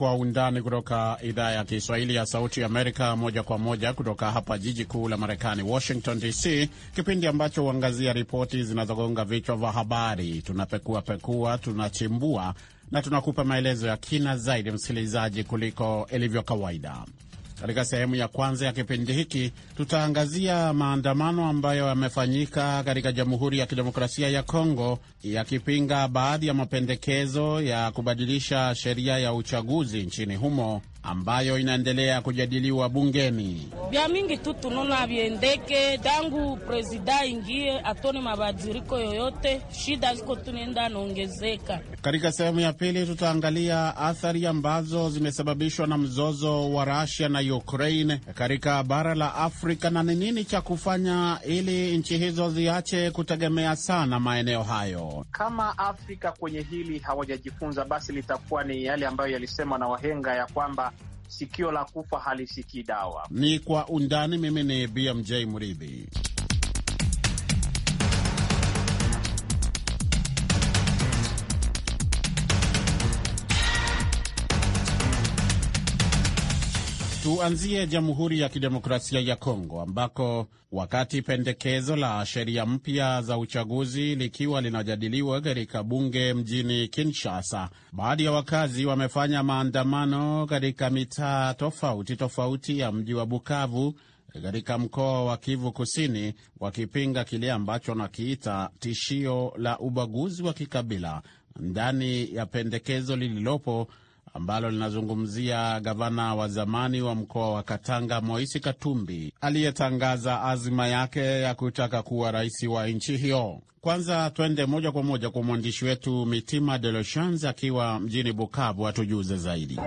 kwa undani kutoka idhaa ya Kiswahili ya Sauti Amerika, moja kwa moja kutoka hapa jiji kuu la Marekani, Washington DC, kipindi ambacho huangazia ripoti zinazogonga vichwa vya habari. Tunapekua pekua, tunachimbua na tunakupa maelezo ya kina zaidi, msikilizaji, kuliko ilivyo kawaida. Katika sehemu ya kwanza ya kipindi hiki tutaangazia maandamano ambayo yamefanyika katika Jamhuri ya Kidemokrasia ya Kongo yakipinga baadhi ya mapendekezo ya kubadilisha sheria ya uchaguzi nchini humo ambayo inaendelea kujadiliwa bungeni. Vya mingi tu tunaona viendeke tangu prezida ingie atone mabadiriko yoyote, shida ziko tunaenda naongezeka. Katika sehemu ya pili, tutaangalia athari ambazo zimesababishwa na mzozo wa Rusia na Ukraine katika bara la Afrika na ni nini cha kufanya ili nchi hizo ziache kutegemea sana maeneo hayo. Kama Afrika kwenye hili hawajajifunza, basi litakuwa ni yale ambayo yalisema na wahenga ya kwamba sikio la kufa halisikii dawa. Ni kwa undani. Mimi ni BMJ Mridhi. Tuanzie Jamhuri ya Kidemokrasia ya Kongo ambako wakati pendekezo la sheria mpya za uchaguzi likiwa linajadiliwa katika bunge mjini Kinshasa, baadhi ya wakazi wamefanya maandamano katika mitaa tofauti tofauti ya mji wa Bukavu katika mkoa wa Kivu Kusini wakipinga kile ambacho nakiita tishio la ubaguzi wa kikabila ndani ya pendekezo lililopo ambalo linazungumzia gavana wa zamani wa mkoa wa Katanga Moisi Katumbi aliyetangaza azima yake ya kutaka kuwa rais wa nchi hiyo. Kwanza twende moja kwa moja kwa mwandishi wetu Mitima De Lochans akiwa mjini Bukavu atujuze zaidi.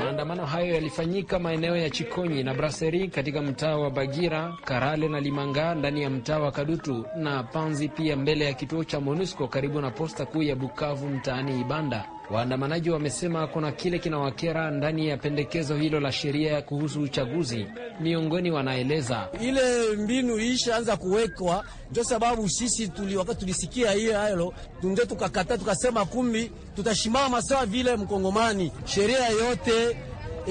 Maandamano hayo yalifanyika maeneo ya Chikonyi na Braseri katika mtaa wa Bagira, Karale na Limanga ndani ya mtaa wa Kadutu na Panzi, pia mbele ya kituo cha MONUSCO karibu na posta kuu ya Bukavu mtaani Ibanda. Waandamanaji wamesema kuna kile kinawakera ndani ya pendekezo hilo la sheria kuhusu uchaguzi. Miongoni wanaeleza ile mbinu ishaanza kuwekwa ndio sababu sisi tuli, wakati tulisikia hiyo hayo tunde tukakata tukasema, kumbi tutashimama sawa vile mkongomani. Sheria yote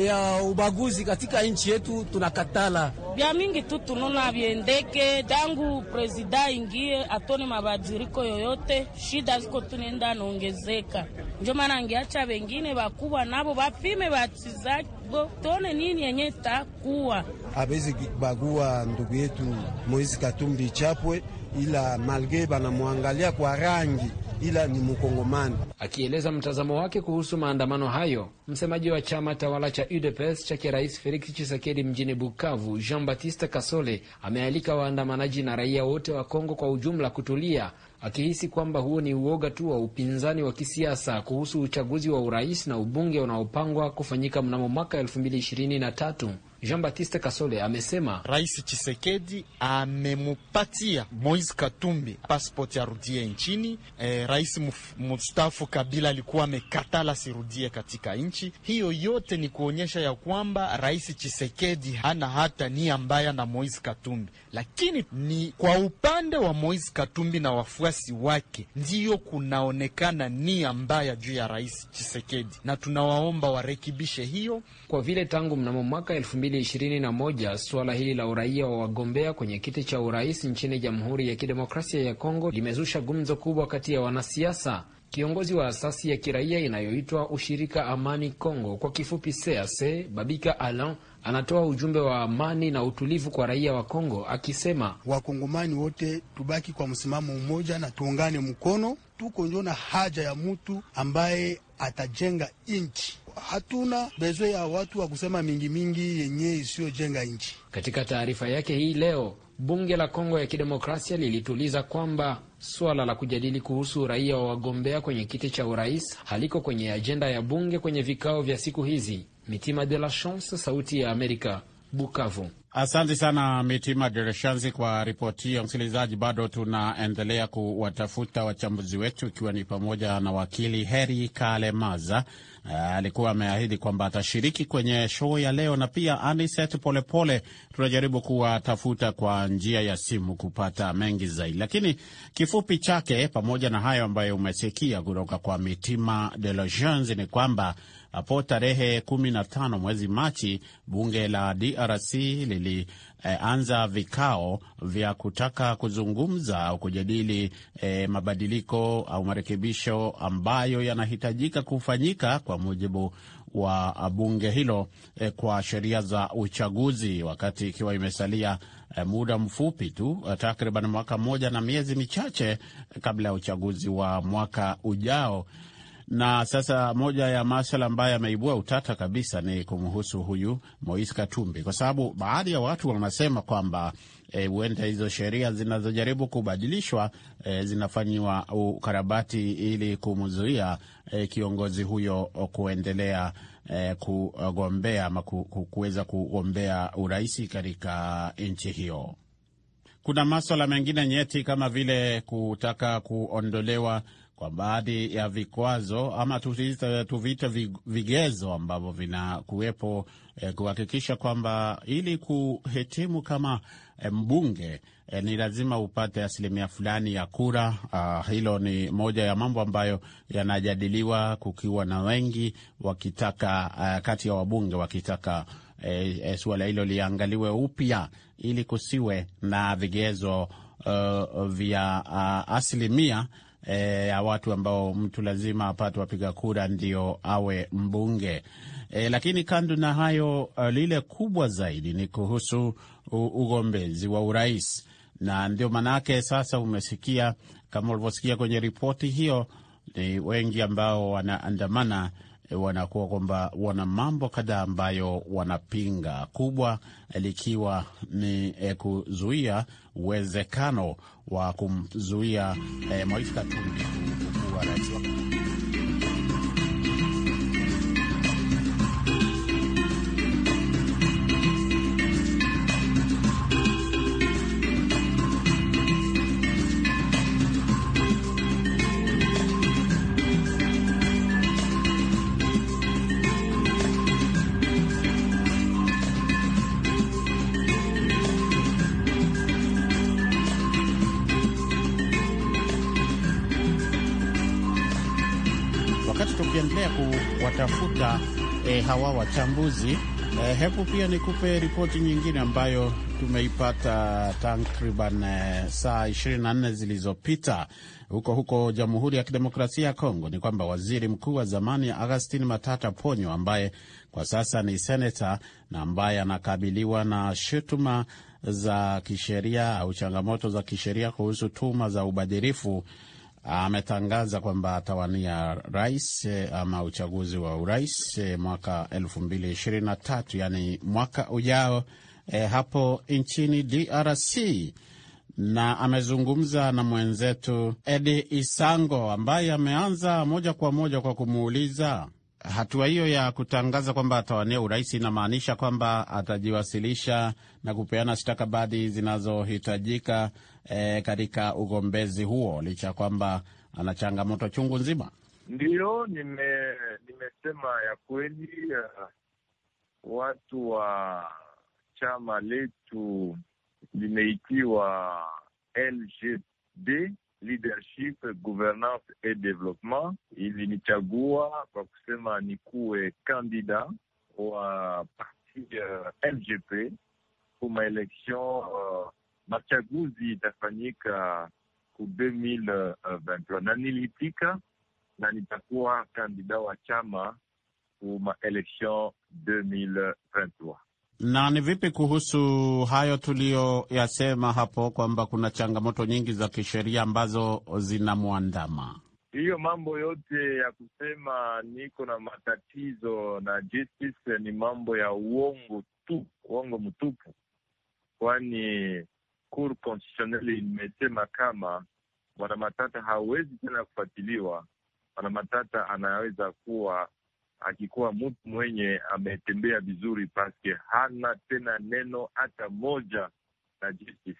ya ubaguzi katika nchi yetu tunakatala vya mingi tu tunona viendeke tangu prezida ingie atone mabadiriko yoyote, shida ziko tunenda naongezeka. Ndio maana angeacha wengine wakubwa nabo bapime batizago tone nini yenye takuwa abezi bagua ndugu yetu Moizi Katumbi Chapwe ila malge banamwangalia kwa rangi, ila ni Mkongomani. Akieleza mtazamo wake kuhusu maandamano hayo, msemaji wa chama tawala cha UDPS cha kirais Felix chisekedi mjini Bukavu, Jean Baptiste Kasole, amealika waandamanaji na raia wote wa Kongo kwa ujumla kutulia akihisi kwamba huo ni uoga tu wa upinzani wa kisiasa kuhusu uchaguzi wa urais na ubunge unaopangwa kufanyika mnamo mwaka elfu mbili ishirini na tatu. Jean Baptiste Kasole amesema Rais Chisekedi amemupatia Moise Katumbi pasipoti arudie nchini. E, rais mustafu Kabila alikuwa amekatala sirudie katika nchi hiyo. Yote ni kuonyesha ya kwamba Rais Chisekedi hana hata nia mbaya na Moise Katumbi, lakini ni kwa upande wa Moise Katumbi na wafuasi wafuasi wake, ndiyo kunaonekana nia mbaya juu ya Rais Chisekedi, na tunawaomba warekebishe hiyo, kwa vile tangu mnamo mwaka elfu mbili ishirini na moja suala hili la uraia wa wagombea kwenye kiti cha urais nchini Jamhuri ya Kidemokrasia ya Kongo limezusha gumzo kubwa kati ya wanasiasa. Kiongozi wa asasi ya kiraia inayoitwa Ushirika Amani Kongo, kwa kifupi CAC, Babika Alan anatoa ujumbe wa amani na utulivu kwa raia wa Kongo akisema, wakongomani wote tubaki kwa msimamo mmoja na tuungane mkono. Tuko njo na haja ya mtu ambaye atajenga nchi. Hatuna bezwe ya watu wa kusema mingi mingi yenye isiyojenga nchi. Katika taarifa yake hii leo, bunge la Kongo ya Kidemokrasia lilituliza kwamba suala la kujadili kuhusu uraia wa wagombea kwenye kiti cha urais haliko kwenye ajenda ya bunge kwenye vikao vya siku hizi Mitima de la Chance, Sauti ya Amerika, Bukavu. Asante sana Mitima de Chance kwa ripoti hiyo. Msikilizaji, bado tunaendelea kuwatafuta wachambuzi wetu, ikiwa ni pamoja na wakili Heri Kalemaza. Eh, alikuwa uh, ameahidi kwamba atashiriki kwenye show ya leo, na pia Aniset Polepole. Tunajaribu kuwatafuta kwa njia ya simu kupata mengi zaidi, lakini kifupi chake, pamoja na hayo ambayo umesikia kutoka kwa Mitima de Dereshansi, ni kwamba hapo tarehe 15 mwezi Machi, bunge la DRC lilianza e, vikao vya kutaka kuzungumza au kujadili e, mabadiliko au marekebisho ambayo yanahitajika kufanyika kwa mujibu wa bunge hilo e, kwa sheria za uchaguzi, wakati ikiwa imesalia e, muda mfupi tu, takriban mwaka mmoja na miezi michache kabla ya uchaguzi wa mwaka ujao na sasa moja ya maswala ambayo yameibua utata kabisa ni kumhusu huyu mois Katumbi, kwa sababu baadhi ya watu wanasema kwamba e, huenda e, hizo sheria zinazojaribu kubadilishwa e, zinafanyiwa ukarabati ili kumzuia e, kiongozi huyo kuendelea e, kugombea ama kuweza kugombea uraisi katika nchi hiyo. Kuna maswala mengine nyeti kama vile kutaka kuondolewa kwa baadhi ya vikwazo ama tuvite vigezo ambavyo vinakuwepo eh, kuhakikisha kwamba ili kuhitimu kama eh, mbunge eh, ni lazima upate asilimia fulani ya kura. Ah, hilo ni moja ya mambo ambayo yanajadiliwa kukiwa na wengi wakitaka ah, kati ya wabunge wakitaka eh, eh, suala hilo liangaliwe upya ili kusiwe na vigezo uh, vya uh, asilimia E, ya watu ambao mtu lazima apate wapiga kura ndio awe mbunge e, lakini kando na hayo, uh, lile kubwa zaidi ni kuhusu ugombezi wa urais, na ndio maanake sasa umesikia kama ulivyosikia kwenye ripoti hiyo, ni wengi ambao wanaandamana E, wanakuwa kwamba wana mambo kadhaa ambayo wanapinga, kubwa e, likiwa ni e, kuzuia uwezekano wa kumzuia e, Moise Katumbi kuwa rais. hawa wachambuzi. Eh, hebu pia nikupe ripoti nyingine ambayo tumeipata takriban eh, saa 24 zilizopita huko huko Jamhuri ya Kidemokrasia ya Kongo ni kwamba waziri mkuu wa zamani Augustin Matata Ponyo ambaye kwa sasa ni seneta na ambaye anakabiliwa na shutuma za kisheria au changamoto za kisheria kuhusu tuma za ubadhirifu ametangaza kwamba atawania rais eh, ama uchaguzi wa urais eh, mwaka elfu mbili ishirini na tatu yani mwaka ujao e, hapo nchini DRC na amezungumza na mwenzetu Edi Isango ambaye ameanza moja kwa moja kwa kumuuliza hatua hiyo ya kutangaza kwamba atawania urais inamaanisha kwamba atajiwasilisha na kupeana stakabadhi zinazohitajika e, katika ugombezi huo licha ya kwamba ana changamoto chungu nzima? Ndiyo, nime, nimesema ya kweli uh, watu wa chama letu limeitiwa LGD Leadership, Governance et Development ilinichagua kwa kusema nikuwe kandida wa parti uh, LGP kwa maelection uh, machaguzi itafanyika ku 2023 na nilitika na nitakuwa kandida wa chama ku maelection 2023. Na ni vipi kuhusu hayo tuliyoyasema hapo kwamba kuna changamoto nyingi za kisheria ambazo zinamwandama? Hiyo mambo yote ya kusema niko na matatizo na justice ni mambo ya uongo tu, uongo mtupu, kwani Cour constitutionnelle imesema kama Bwana Matata hawezi tena kufuatiliwa. Bwana Matata anaweza kuwa akikuwa mtu mwenye ametembea vizuri, paske hana tena neno hata moja na justice.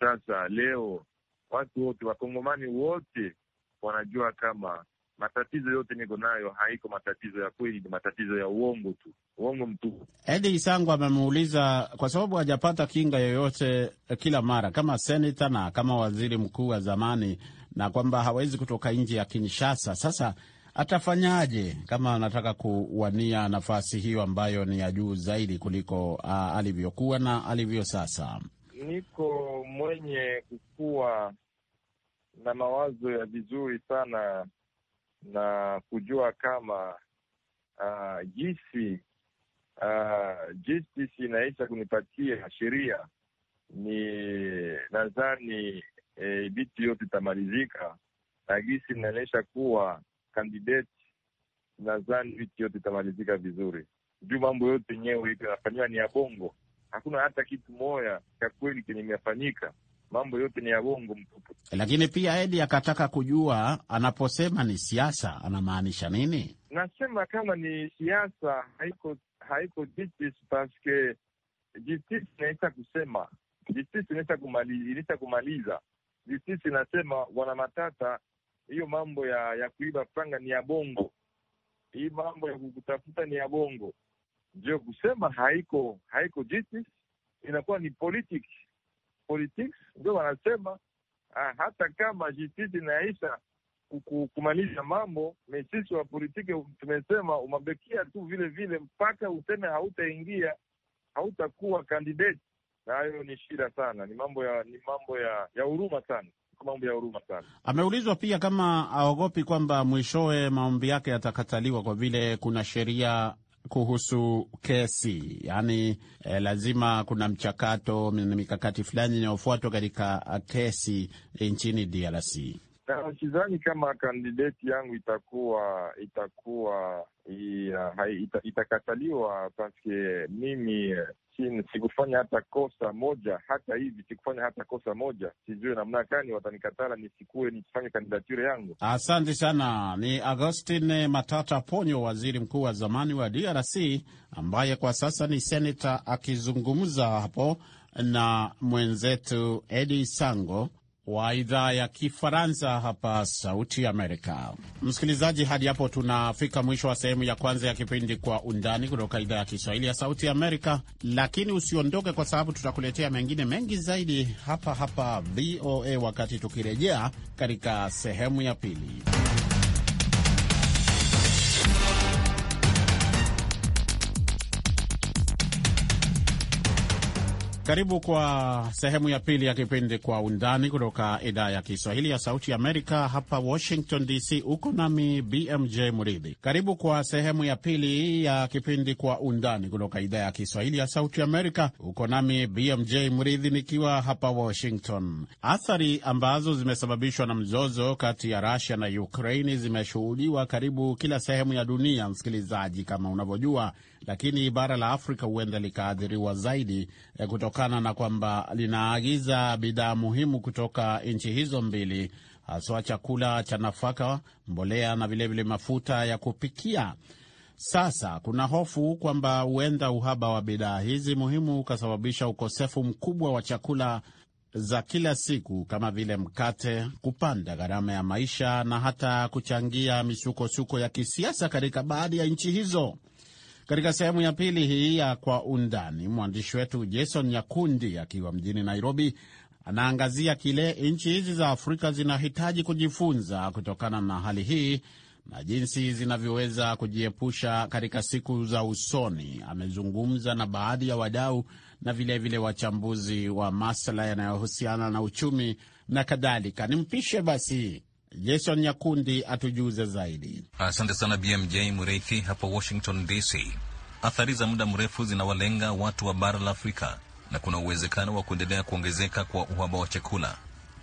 Sasa leo watu wote wakongomani wote wanajua kama matatizo yote niko nayo haiko matatizo ya kweli, ni matatizo ya uongo tu, uongo mtupu. Edi Isango amemuuliza kwa sababu hajapata kinga yoyote eh, kila mara kama seneta na kama waziri mkuu wa zamani, na kwamba hawezi kutoka nje ya Kinshasa. Sasa atafanyaje kama anataka kuwania nafasi hiyo ambayo ni ya juu zaidi kuliko uh, alivyokuwa na alivyo sasa? Niko mwenye kukuwa na mawazo ya vizuri sana na kujua kama uh, jinsi uh, justice inaisha kunipatia sheria ni nadhani e, vitu yote itamalizika, na gisi inaonyesha kuwa kandidati, nadhani vitu yote itamalizika vizuri, juu mambo yote yenyewe inafanyiwa ni ya bongo, hakuna hata kitu moya cha kweli kenye imefanyika mambo yote ni ya uongo mtupu. Lakini pia Edi akataka kujua anaposema ni siasa anamaanisha nini? Nasema kama ni siasa haiko haiko justice, paske justice inaita kusema, justice inaita kumaliza, kumaliza. Justice inasema wana matata, hiyo mambo ya ya kuiba franga ni ya bongo, hii mambo ya kukutafuta ni ya bongo. Ndio kusema haiko haiko justice, inakuwa ni politics politics, ndio wanasema ah, hata kama jititi inaisha kumaliza mambo mesisi wa politiki tumesema umabekia tu vile vile mpaka useme hautaingia hautakuwa kandidate, na hayo ni shida sana, ni mambo ya ni mambo ya ya huruma sana, mambo ya huruma sana. Ameulizwa pia kama aogopi kwamba mwishowe maombi yake yatakataliwa kwa vile kuna sheria kuhusu kesi, yaani e, lazima kuna mchakato na mikakati fulani inayofuatwa katika eh, kesi eh, nchini DRC na sidhani kama kandideti yangu itakuwa itakuwa ita, itakataliwa paske mimi sin, sikufanya hata kosa moja, hata hivi sikufanya hata kosa moja. Sijue namna gani watanikatala nisikue nikifanya kandidature yangu. Asante sana. Ni agostin Matata Ponyo, waziri mkuu wa zamani wa DRC ambaye kwa sasa ni senata, akizungumza hapo na mwenzetu Edi Sango wa idhaa ya Kifaransa hapa Sauti Amerika. Msikilizaji, hadi hapo tunafika mwisho wa sehemu ya kwanza ya kipindi Kwa Undani kutoka idhaa ya Kiswahili ya Sauti Amerika, lakini usiondoke, kwa sababu tutakuletea mengine mengi zaidi hapa hapa VOA wakati tukirejea katika sehemu ya pili. Karibu kwa sehemu ya pili ya kipindi Kwa Undani kutoka idhaa ya Kiswahili ya Sauti Amerika, hapa Washington DC. Uko nami BMJ Muridhi. Karibu kwa sehemu ya pili ya kipindi Kwa Undani kutoka idhaa ya Kiswahili ya Sauti Amerika. Uko nami BMJ Muridhi nikiwa hapa Washington. Athari ambazo zimesababishwa na mzozo kati ya Rusia na Ukraini zimeshuhudiwa karibu kila sehemu ya dunia, msikilizaji, kama unavyojua lakini bara la Afrika huenda likaathiriwa zaidi eh, kutokana na kwamba linaagiza bidhaa muhimu kutoka nchi hizo mbili, haswa chakula cha nafaka, mbolea na vilevile mafuta ya kupikia. Sasa kuna hofu kwamba huenda uhaba wa bidhaa hizi muhimu ukasababisha ukosefu mkubwa wa chakula za kila siku kama vile mkate, kupanda gharama ya maisha na hata kuchangia misukosuko ya kisiasa katika baadhi ya nchi hizo. Katika sehemu ya pili hii ya Kwa Undani, mwandishi wetu Jason Nyakundi akiwa mjini Nairobi anaangazia kile nchi hizi za Afrika zinahitaji kujifunza kutokana na hali hii na jinsi zinavyoweza kujiepusha katika siku za usoni. Amezungumza na baadhi ya wadau na vilevile vile wachambuzi wa masuala yanayohusiana na uchumi na kadhalika. Nimpishe basi Jason Nyakundi atujuze zaidi. Asante sana BMJ Mureithi hapo Washington DC. Athari za muda mrefu zinawalenga watu wa bara la Afrika na kuna uwezekano wa kuendelea kuongezeka kwa uhaba wa chakula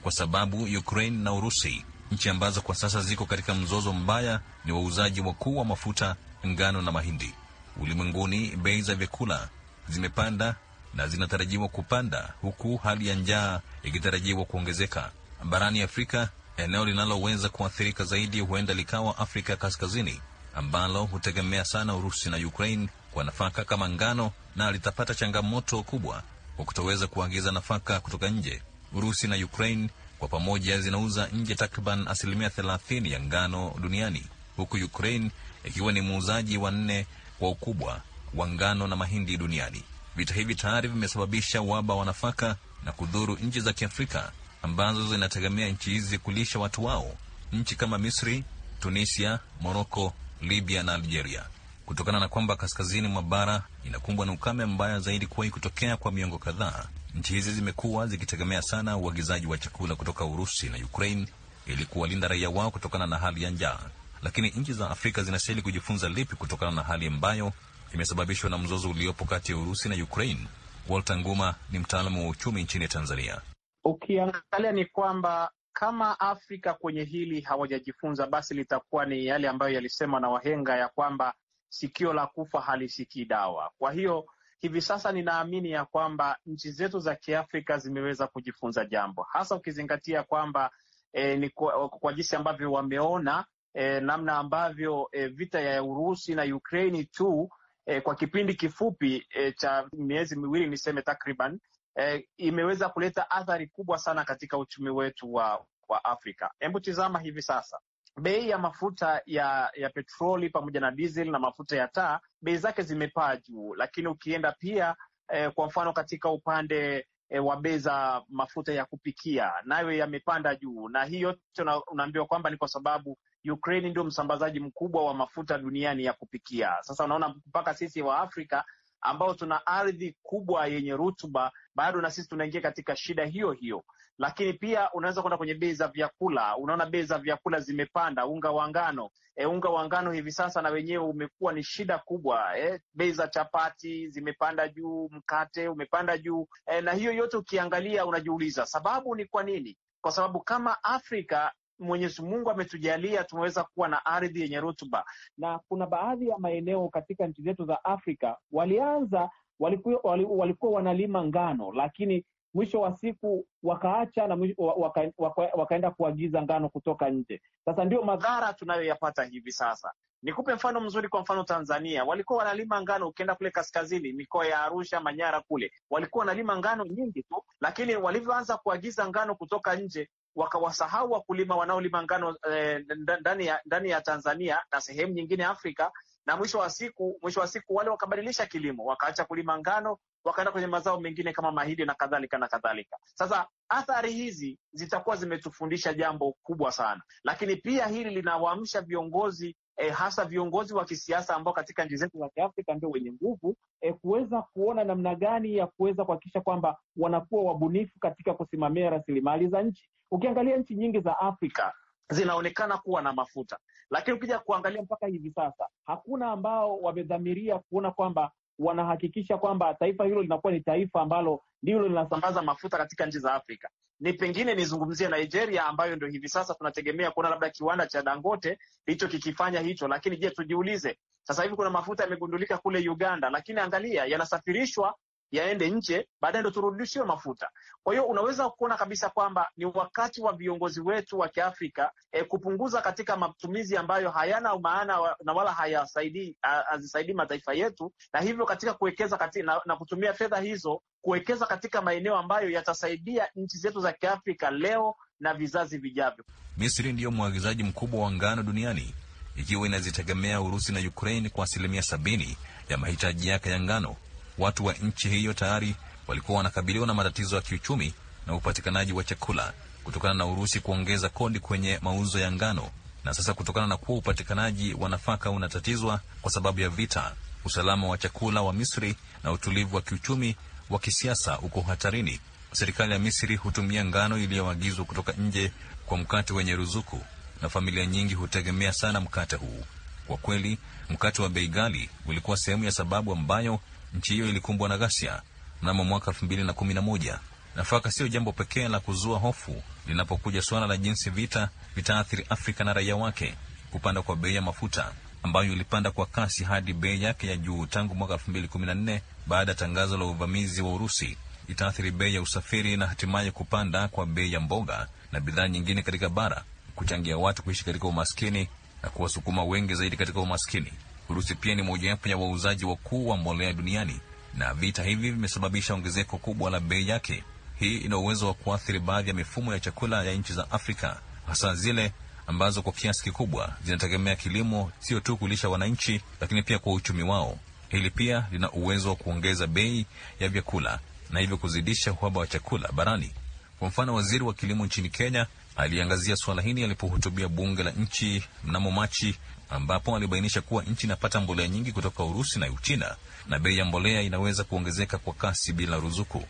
kwa sababu Ukraine na Urusi, nchi ambazo kwa sasa ziko katika mzozo mbaya, ni wauzaji wakuu wa mafuta, ngano na mahindi. Ulimwenguni, bei za vyakula zimepanda na zinatarajiwa kupanda, huku hali ya njaa ikitarajiwa kuongezeka. Barani Afrika, Eneo linaloweza kuathirika zaidi huenda likawa Afrika Kaskazini, ambalo hutegemea sana Urusi na Ukraine kwa nafaka kama ngano, na litapata changamoto kubwa kwa kutoweza kuagiza nafaka kutoka nje. Urusi na Ukraine kwa pamoja zinauza nje takriban asilimia thelathini ya ngano duniani, huku Ukraine ikiwa ni muuzaji wa nne kwa ukubwa wa ngano na mahindi duniani. Vita hivi tayari vimesababisha uhaba wa nafaka na kudhuru nchi za Kiafrika ambazo zinategemea nchi hizi kulisha watu wao, nchi kama Misri, Tunisia, Moroko, Libya na Algeria, kutokana na kwamba kaskazini mwa bara inakumbwa na ukame mbaya zaidi kuwahi kutokea kwa miongo kadhaa. Nchi hizi zimekuwa zikitegemea sana uagizaji wa chakula kutoka Urusi na Ukraine ili kuwalinda raia wao kutokana na hali ya njaa. Lakini nchi za Afrika zinastahili kujifunza lipi kutokana na hali ambayo imesababishwa na mzozo uliopo kati ya Urusi na Ukraine? Walter Nguma ni mtaalamu wa uchumi nchini Tanzania. Ukiangalia ni kwamba kama Afrika kwenye hili hawajajifunza, basi litakuwa ni yale ambayo yalisemwa na wahenga ya kwamba sikio la kufa halisikii dawa. Kwa hiyo hivi sasa ninaamini ya kwamba nchi zetu za Kiafrika zimeweza kujifunza jambo, hasa ukizingatia kwamba eh, ni kwa, kwa jinsi ambavyo wameona eh, namna ambavyo eh, vita ya Urusi na Ukraini tu eh, kwa kipindi kifupi eh, cha miezi miwili niseme takriban eh, imeweza kuleta athari kubwa sana katika uchumi wetu wa, wa Afrika. Hebu tizama hivi sasa bei ya mafuta ya ya petroli pamoja na dizeli na mafuta ya taa, bei zake zimepaa juu, lakini ukienda pia eh, kwa mfano katika upande eh, wa bei za mafuta ya kupikia nayo yamepanda juu, na hii yote unaambiwa kwamba ni kwa sababu Ukraine ndio msambazaji mkubwa wa mafuta duniani ya kupikia. Sasa unaona mpaka sisi wa Afrika ambao tuna ardhi kubwa yenye rutuba, bado na sisi tunaingia katika shida hiyo hiyo. Lakini pia unaweza kwenda kwenye bei za vyakula, unaona bei za vyakula zimepanda. Unga wa ngano e, unga wa ngano hivi sasa na wenyewe umekuwa ni shida kubwa e, bei za chapati zimepanda juu, mkate umepanda juu e, na hiyo yote ukiangalia unajiuliza sababu ni kwa nini? Kwa sababu kama Afrika Mwenyezi Mungu ametujalia tumeweza kuwa na ardhi yenye rutuba, na kuna baadhi ya maeneo katika nchi zetu za Afrika walianza walikuwa, walikuwa wanalima ngano lakini mwisho wa siku wakaacha na waka, waka, wakaenda kuagiza ngano kutoka nje. Sasa ndio madhara tunayoyapata hivi sasa. Nikupe mfano mzuri. Kwa mfano, Tanzania walikuwa wanalima ngano, ukienda kule kaskazini, mikoa ya Arusha, Manyara kule walikuwa wanalima ngano nyingi tu, lakini walivyoanza kuagiza ngano kutoka nje wakawasahau wakulima wanaolima ngano eh, ndani ya, ya Tanzania na sehemu nyingine Afrika na mwisho wa siku mwisho wa siku wale wakabadilisha kilimo, wakaacha kulima ngano, wakaenda kwenye mazao mengine kama mahindi na kadhalika na kadhalika. Sasa athari hizi zitakuwa zimetufundisha jambo kubwa sana, lakini pia hili linawaamsha viongozi eh, hasa viongozi wa kisiasa ambao katika nchi zetu za Kiafrika ndio wenye nguvu eh, kuweza kuona namna gani ya kuweza kuhakikisha kwamba wanakuwa wabunifu katika kusimamia rasilimali za nchi. Ukiangalia nchi nyingi za Afrika zinaonekana kuwa na mafuta, lakini ukija kuangalia mpaka hivi sasa hakuna ambao wamedhamiria kuona kwamba wanahakikisha kwamba taifa hilo linakuwa ni taifa ambalo ndilo linasambaza mafuta katika nchi za Afrika. Ni pengine nizungumzie Nigeria ambayo ndio hivi sasa tunategemea kuona labda kiwanda cha Dangote hicho kikifanya hicho, lakini je, tujiulize sasa hivi kuna mafuta yamegundulika kule Uganda, lakini angalia yanasafirishwa yaende nje, baadaye ndo turudishiwe mafuta. Kwa hiyo unaweza kuona kabisa kwamba ni wakati wa viongozi wetu wa Kiafrika e, kupunguza katika matumizi ambayo hayana maana wa, na wala hayasaidii hazisaidii mataifa yetu, na hivyo katika kuwekeza katika, na, na kutumia fedha hizo kuwekeza katika maeneo ambayo yatasaidia nchi zetu za Kiafrika leo na vizazi vijavyo. Misri ndiyo mwagizaji mkubwa wa ngano duniani ikiwa inazitegemea Urusi na Ukraine kwa asilimia sabini ya mahitaji yake ya ngano watu wa nchi hiyo tayari walikuwa wanakabiliwa na matatizo ya kiuchumi na upatikanaji wa chakula kutokana na Urusi kuongeza kodi kwenye mauzo ya ngano, na sasa kutokana na kuwa upatikanaji wa nafaka unatatizwa kwa sababu ya vita, usalama wa chakula wa Misri na utulivu wa kiuchumi wa kisiasa uko hatarini. Serikali ya Misri hutumia ngano iliyoagizwa kutoka nje kwa mkate wenye ruzuku, na familia nyingi hutegemea sana mkate huu. Kwa kweli, mkate wa bei ghali ulikuwa sehemu ya sababu ambayo Nchi hiyo ilikumbwa na ghasia mnamo mwaka elfu mbili na kumi na moja. Nafaka siyo jambo pekee la kuzua hofu linapokuja suala la jinsi vita vitaathiri Afrika na raia wake. Kupanda kwa bei ya mafuta ambayo ilipanda kwa kasi hadi bei yake ya juu tangu mwaka elfu mbili kumi na nne baada ya tangazo la uvamizi wa Urusi itaathiri bei ya usafiri na hatimaye kupanda kwa bei ya mboga na bidhaa nyingine katika bara, kuchangia watu kuishi katika umaskini na kuwasukuma wengi zaidi katika umaskini. Urusi pia ni mojawapo ya wauzaji wakuu wa mbolea duniani na vita hivi vimesababisha ongezeko kubwa la bei yake. Hii ina uwezo wa kuathiri baadhi ya mifumo ya chakula ya nchi za Afrika, hasa zile ambazo kwa kiasi kikubwa zinategemea kilimo, sio tu kulisha wananchi, lakini pia kwa uchumi wao. Hili pia lina uwezo wa kuongeza bei ya vyakula na hivyo kuzidisha uhaba wa chakula barani. Kwa mfano, waziri wa kilimo nchini Kenya aliangazia suala hili alipohutubia bunge la nchi mnamo Machi ambapo alibainisha kuwa nchi inapata mbolea nyingi kutoka Urusi na Uchina na bei ya mbolea inaweza kuongezeka kwa kasi bila ruzuku.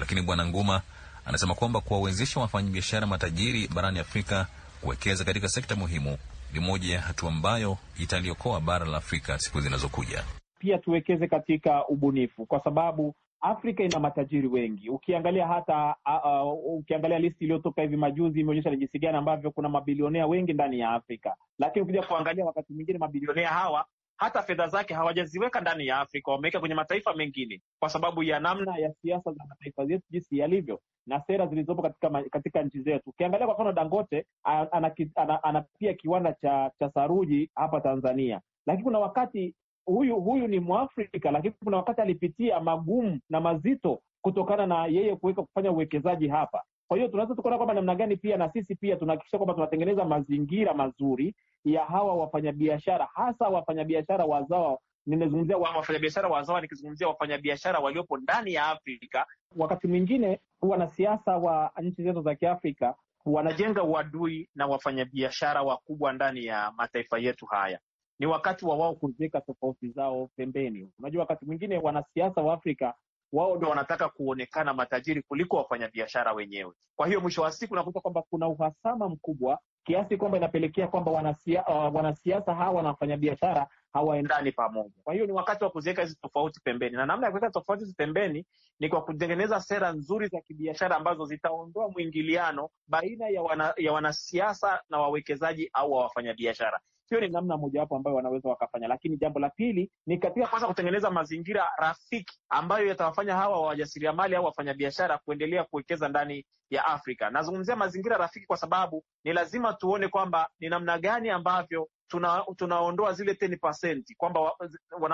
Lakini Bwana Nguma anasema kwamba kuwawezesha wafanyabiashara matajiri barani Afrika kuwekeza katika sekta muhimu ni moja ya hatua ambayo italiokoa bara la Afrika siku zinazokuja. Pia tuwekeze katika ubunifu, kwa sababu Afrika ina matajiri wengi. Ukiangalia hata uh, uh, ukiangalia listi iliyotoka hivi majuzi imeonyesha ni jinsi gani ambavyo kuna mabilionea wengi ndani ya Afrika, lakini ukija kuangalia wakati mwingine mabilionea hawa hata fedha zake hawajaziweka ndani ya Afrika, wameweka kwenye mataifa mengine kwa sababu ya namna ya siasa za mataifa yetu jinsi yalivyo na sera zilizopo katika, katika nchi zetu. Ukiangalia kwa mfano Dangote ana, ana, ana, ana pia kiwanda cha, cha saruji hapa Tanzania, lakini kuna wakati huyu huyu ni Mwafrika, lakini kuna wakati alipitia magumu na mazito kutokana na yeye kuweka kufanya uwekezaji hapa. Kwa hiyo tunaweza tukaona kwamba namna gani pia na sisi pia tunahakikisha kwamba tunatengeneza mazingira mazuri ya hawa wafanyabiashara, hasa wafanyabiashara wazawa. Nimezungumzia wafanyabiashara wazawa, nikizungumzia wafanyabiashara waliopo ndani ya Afrika. Wakati mwingine wanasiasa wa nchi zetu za Kiafrika wanajenga uadui na wafanyabiashara wakubwa ndani ya mataifa yetu haya ni wakati wa wao kuziweka tofauti zao pembeni. Unajua, wakati mwingine wanasiasa wa Afrika wao ndo wanataka kuonekana matajiri kuliko wafanyabiashara wenyewe. Kwa hiyo mwisho wa siku nakuta kwamba kuna uhasama mkubwa kiasi kwamba inapelekea kwamba wanasiasa, uh, wanasiasa hawa na wafanyabiashara hawaendani pamoja. Kwa hiyo ni wakati wa kuziweka hizi tofauti pembeni, na namna ya kuweka tofauti hizi pembeni ni kwa kutengeneza sera nzuri za kibiashara ambazo zitaondoa mwingiliano baina ya, wana, ya wanasiasa na wawekezaji au wa wafanyabiashara. Hiyo ni namna mojawapo ambayo wanaweza wakafanya, lakini jambo la pili ni katika kwanza kutengeneza mazingira rafiki ambayo yatawafanya hawa wajasiriamali au wafanyabiashara kuendelea kuwekeza ndani ya Afrika. Nazungumzia mazingira rafiki kwa sababu ni lazima tuone kwamba ni namna gani ambavyo tuna, tunaondoa zile 10% kwamba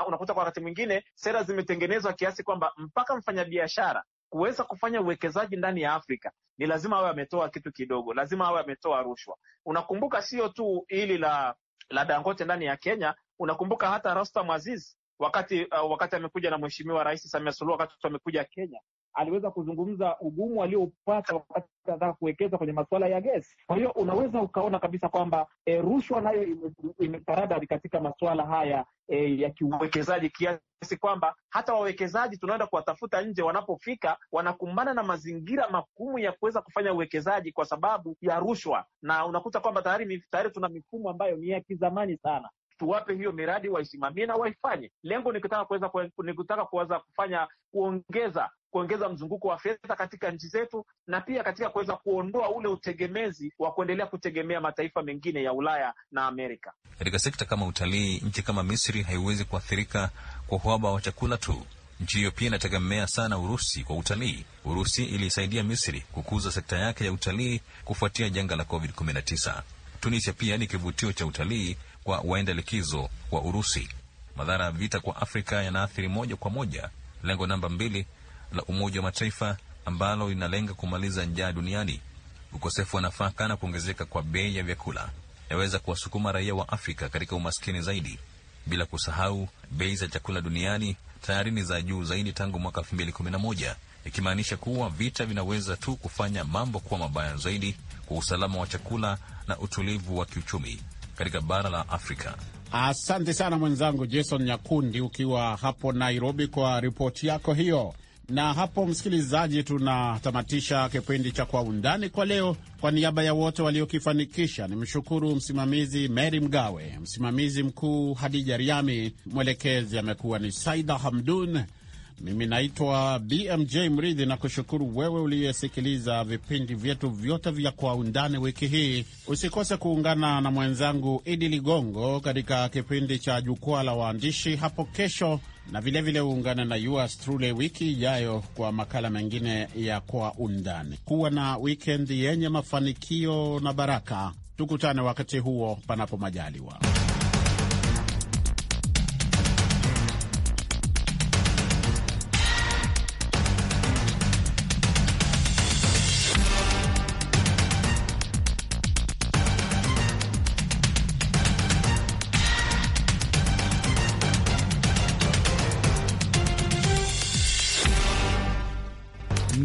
unakuta kwa wakati mwingine sera zimetengenezwa kiasi kwamba mpaka mfanyabiashara kuweza kufanya uwekezaji ndani ya Afrika ni lazima awe ametoa kitu kidogo, lazima awe ametoa rushwa. Unakumbuka sio tu hili la la Dangote ndani ya Kenya. Unakumbuka hata Rostam Aziz wakati uh, wakati amekuja na mheshimiwa Rais Samia Suluhu wakati amekuja Kenya aliweza kuzungumza ugumu aliopata wakati anataka kuwekeza kwenye masuala ya gesi. Kwa hiyo unaweza ukaona kabisa kwamba e, rushwa nayo imetaradari katika masuala haya e, ya kiuwekezaji kiasi kwamba hata wawekezaji tunaenda kuwatafuta nje, wanapofika wanakumbana na mazingira magumu ya kuweza kufanya uwekezaji kwa sababu ya rushwa, na unakuta kwamba tayari tayari tuna mifumo ambayo ni ya kizamani sana. Tuwape hiyo miradi waisimamie na waifanye. Lengo ni kutaka kuweza kufanya kuongeza kuongeza mzunguko wa fedha katika nchi zetu na pia katika kuweza kuondoa ule utegemezi wa kuendelea kutegemea mataifa mengine ya Ulaya na Amerika. Katika sekta kama utalii, nchi kama Misri haiwezi kuathirika kwa uhaba wa chakula tu. Nchi hiyo pia inategemea sana Urusi kwa utalii. Urusi iliisaidia Misri kukuza sekta yake ya utalii kufuatia janga la COVID-19. Tunisia pia ni kivutio cha utalii kwa waenda likizo wa Urusi. Madhara ya vita kwa Afrika yanaathiri moja kwa moja lengo namba mbili la Umoja wa Mataifa ambalo linalenga kumaliza njaa duniani. Ukosefu wa nafaka na kuongezeka kwa bei ya vyakula inaweza kuwasukuma raia wa Afrika katika umaskini zaidi, bila kusahau bei za chakula duniani tayari ni za juu zaidi tangu mwaka 2011 ikimaanisha kuwa vita vinaweza tu kufanya mambo kuwa mabaya zaidi kwa usalama wa chakula na utulivu wa kiuchumi katika bara la Afrika. Asante sana mwenzangu Jason Nyakundi ukiwa hapo Nairobi kwa ripoti yako hiyo. Na hapo msikilizaji, tunatamatisha kipindi cha Kwa Undani kwa leo. Kwa niaba ya wote waliokifanikisha, nimshukuru msimamizi Mary Mgawe, msimamizi mkuu Hadija Riami, mwelekezi amekuwa ni Saida Hamdun. Mimi naitwa BMJ Mridhi na kushukuru wewe uliyesikiliza vipindi vyetu vyote vya Kwa Undani wiki hii. Usikose kuungana na mwenzangu Idi Ligongo katika kipindi cha Jukwaa la Waandishi hapo kesho na vilevile huungana na yours truly wiki ijayo kwa makala mengine ya Kwa Undani. Kuwa na wikendi yenye mafanikio na baraka. Tukutane wakati huo, panapo majaliwa.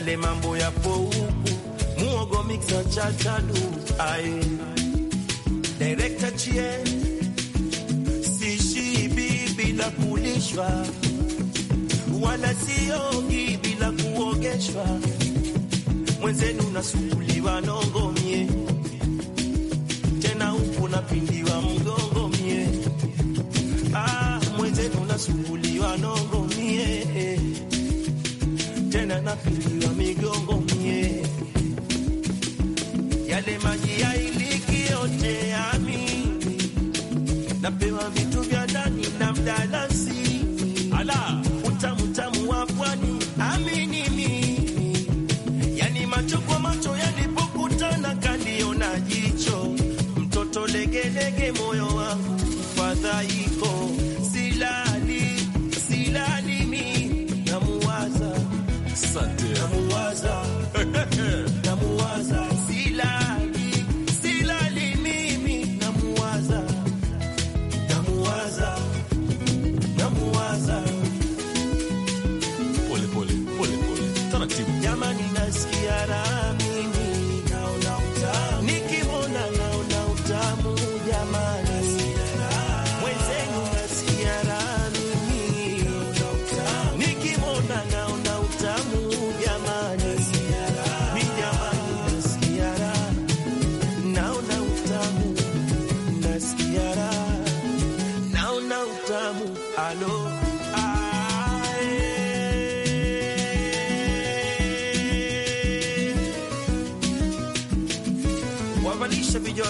yale mambo yapo huku muogo mixa chachadu ai direkta chie sishibi bila kulishwa wala siogi bila kuogeshwa mwenzenu nasukuliwa nongomie tena huku napindiwa mgongo ah, mwenzenu nasukuliwa napiliwa migongo mie, yale maji ya iliki yote yami napewa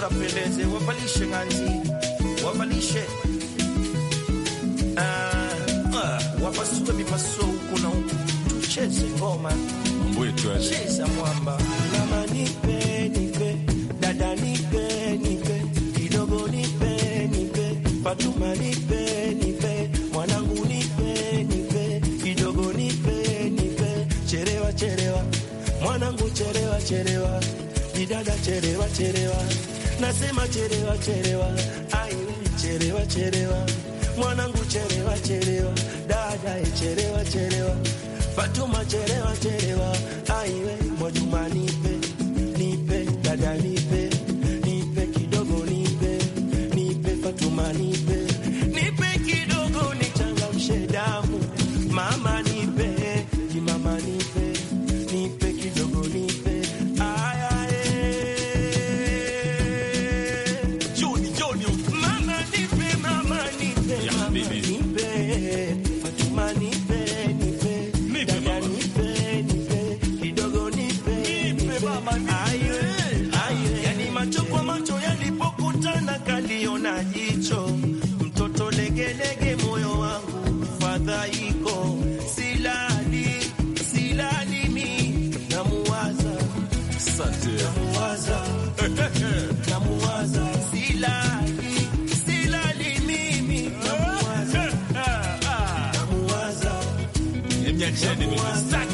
bora pendeze, wavalishe nganzi, wavalishe uh, ah, uh, ah, wapasue mipasuo huku na huku, tucheze ngoma cheza mwamba. Mama nipe nipe, dada nipe nipe, kidogo nipe nipe, Fatuma nipe nipe, mwanangu nipe nipe, kidogo nipe nipe, cherewa cherewa, mwanangu cherewa cherewa, didada cherewa cherewa nasema cherewa cherewa, ai cherewa cherewa, mwanangu cherewa cherewa, dadae eh, cherewa cherewa, Fatuma cherewa cherewa, aiwe Mwajuma nipe nipe, dada nipe nipe kidogo nipe nipe, Fatuma nipe Jenny,